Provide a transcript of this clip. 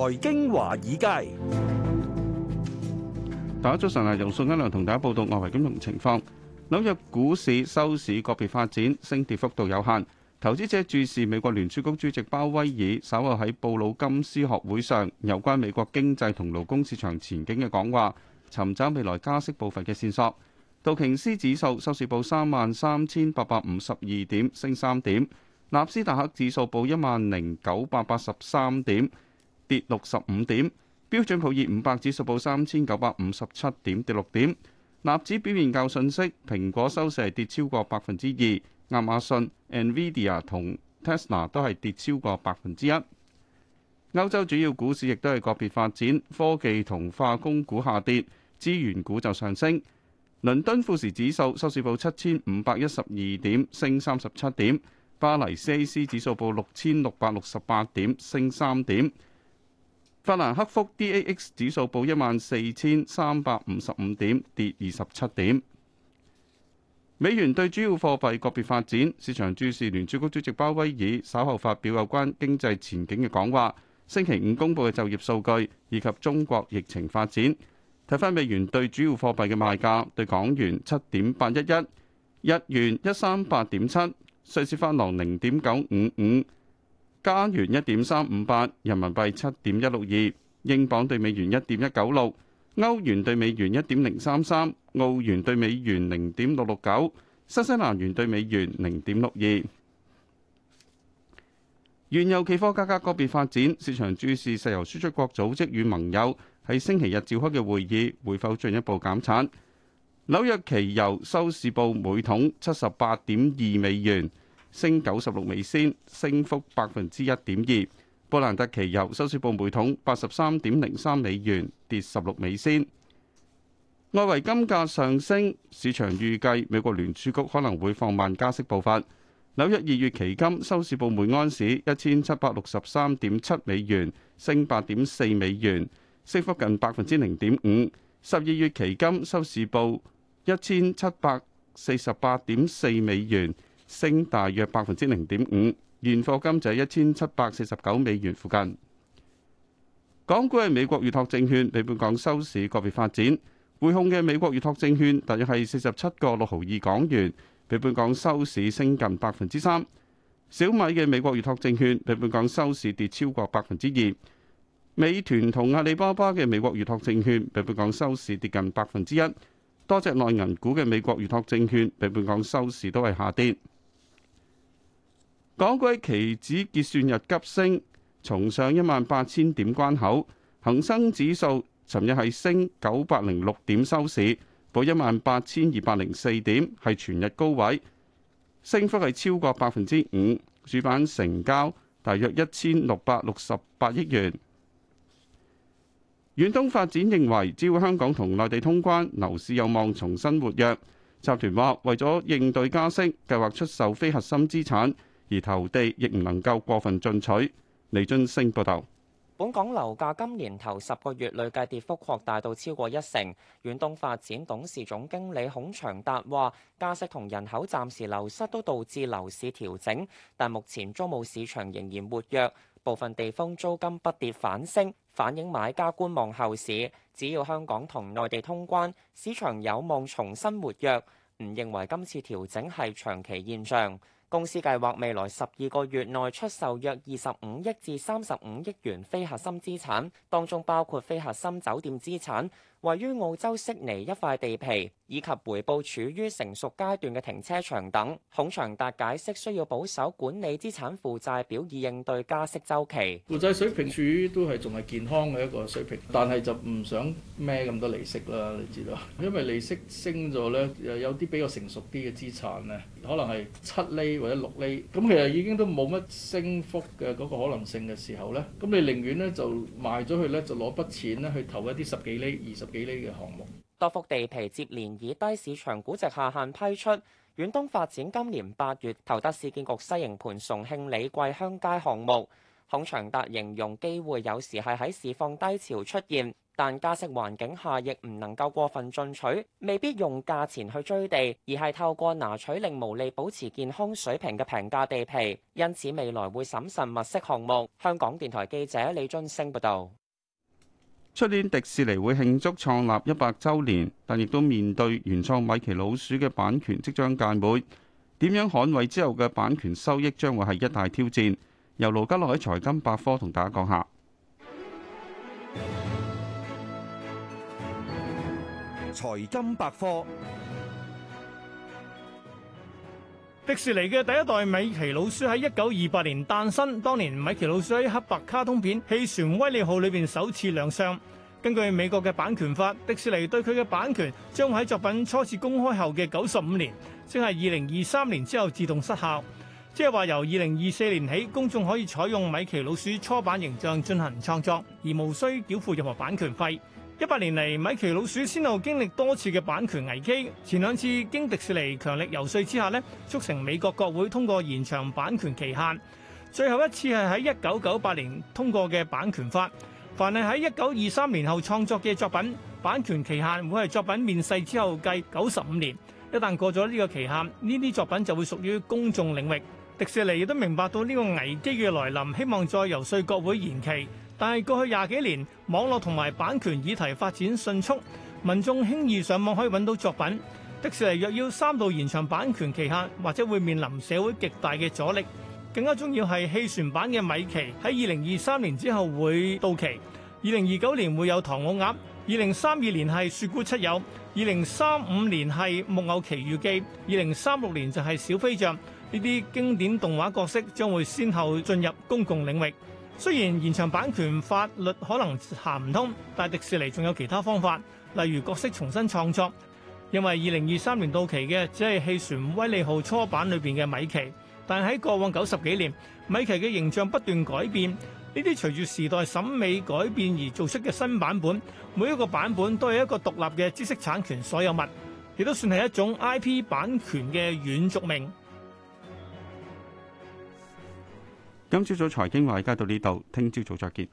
財經華爾街，大家早晨啊！由宋恩亮同大家報道外圍金融情況。紐約股市收市個別發展，升跌幅度有限。投資者注視美國聯儲局主席鮑威爾稍後喺布魯金斯學會上有關美國經濟同勞工市場前景嘅講話，尋找未來加息部分嘅線索。道瓊斯指數收市報三萬三千八百五十二點，升三點；納斯達克指數報一萬零九百八十三點，跌六十五點，標準普爾五百指數報三千九百五十七點，跌六點。納指表現較遜色，蘋果收市係跌超過百分之二，亞馬遜、NVIDIA 同 Tesla 都係跌超過百分之一。歐洲主要股市亦都係個別發展，科技同化工股下跌，資源股就上升。倫敦富時指數收市報七千五百一十二點，升三十七點。巴黎 CAC 指數報六千六百六十八點，升三點。法蘭克福 DAX 指數報一萬四千三百五十五點，跌二十七點。美元對主要貨幣個別發展，市場注視聯儲局主席鮑威爾稍後發表有關經濟前景嘅講話，星期五公布嘅就業數據以及中國疫情發展。睇翻美元對主要貨幣嘅賣價：對港元七點八一一，日元一三八點七，瑞士法郎零點九五五。加元1.358，人民幣7.162，英鎊對美元1.196，歐元對美元1.033，澳元對美元0.669，新西蘭元對美元0.62。原油期貨價格個別發展，市場注視石油輸出國組織與盟友喺星期日召開嘅會議會否進一步減產。紐約期油收市報每桶78.2美元。升九十六美仙，升幅百分之一點二。布蘭特期油收市報每桶八十三點零三美元，跌十六美仙。外圍金價上升，市場預計美國聯儲局可能會放慢加息步伐。紐約二月期金收市報每安士一千七百六十三點七美元，升八點四美元，升幅近百分之零點五。十二月期金收市報一千七百四十八點四美元，升大約百分之零點五，現貨金就係一千七百四十九美元附近。港股嘅美國預託證券比本港收市個別發展，匯控嘅美國預託證券大約係四十七個六毫二港元，比本港收市升近百分之三。小米嘅美國預託證券比本港收市跌超過百分之二，美團同阿里巴巴嘅美國預託證券比本港收市跌近百分之一。多隻內銀股嘅美國預託證券比本港收市都係下跌。港股期指結算日急升，重上一萬八千點關口。恒生指數尋日係升九百零六點收市，報一萬八千二百零四點，係全日高位，升幅係超過百分之五。主板成交大約一千六百六十八億元。遠東發展認為，只要香港同內地通關，樓市有望重新活躍。集團話，為咗應對加息，計劃出售非核心資產。而投地亦唔能夠過分進取。李俊升報導，本港樓價今年頭十個月累計跌幅擴大到超過一成。遠東發展董事總經理孔祥達話，加息同人口暫時流失都導致樓市調整，但目前租務市場仍然活躍，部分地方租金不跌反升，反映買家觀望後市。只要香港同內地通關，市場有望重新活躍。唔認為今次調整係長期現象。公司計劃未來十二個月內出售約二十五億至三十五億元非核心資產，當中包括非核心酒店資產、位於澳洲悉尼一塊地皮以及回報處於成熟階段嘅停車場等。孔祥達解釋，需要保守管理資產負債表以應對加息週期。負債水平處於都係仲係健康嘅一個水平，但係就唔想孭咁多利息啦，你知道，因為利息升咗咧，有啲比較成熟啲嘅資產咧，可能係七厘。或者六厘，咁其實已經都冇乜升幅嘅嗰個可能性嘅時候咧，咁你寧願咧就賣咗佢咧，就攞筆錢咧去投一啲十幾厘、二十幾厘嘅項目。多幅地皮接連以低市場估值下限批出，遠東發展今年八月投得市建局西營盤崇慶里桂香街項目，孔長達形容機會有時係喺市況低潮出現。但加息環境下，亦唔能夠過分進取，未必用價錢去追地，而係透過拿取令毛利保持健康水平嘅平價地皮。因此未來會審慎物色項目。香港電台記者李津升報道。出年迪士尼會慶祝創立一百周年，但亦都面對原創米奇老鼠嘅版權即將屆滿，點樣捍衛之後嘅版權收益，將會係一大挑戰，由盧家樂喺財金百科同大家講下。財金百科。迪士尼嘅第一代米奇老鼠喺一九二八年誕生，當年米奇老鼠喺黑白卡通片《汽船威利號》裏邊首次亮相。根據美國嘅版權法，迪士尼對佢嘅版權將喺作品初次公開後嘅九十五年，即係二零二三年之後自動失效。即係話由二零二四年起，公眾可以採用米奇老鼠初版形象進行創作，而無需繳付任何版權費。一百年嚟，米奇老鼠先後經歷多次嘅版權危機，前兩次經迪士尼強力遊說之下咧，促成美國國會通過延長版權期限。最後一次係喺一九九八年通過嘅版權法，凡係喺一九二三年後創作嘅作品，版權期限會係作品面世之後計九十五年。一旦過咗呢個期限，呢啲作品就會屬於公眾領域。迪士尼亦都明白到呢個危機嘅來臨，希望再遊說國會延期。但係過去廿幾年，網絡同埋版權議題發展迅速，民眾輕易上網可以揾到作品。迪士尼若要三度延長版權期限，或者會面臨社會極大嘅阻力。更加重要係汽船版嘅米奇喺二零二三年之後會到期，二零二九年會有唐老鴨，二零三二年係雪姑七友，二零三五年係木偶奇遇記，二零三六年就係小飛象。呢啲經典動畫角色將會先後進入公共領域。雖然延長版權法律可能行唔通，但迪士尼仲有其他方法，例如角色重新創作。因為2023年到期嘅只係汽船威利號初版裏面嘅米奇，但喺過往九十幾年，米奇嘅形象不斷改變。呢啲隨住時代審美改變而做出嘅新版本，每一個版本都有一個獨立嘅知識產權所有物，亦都算係一種 IP 版權嘅軟續命。今朝早財經話就講到呢度，聽朝早再見。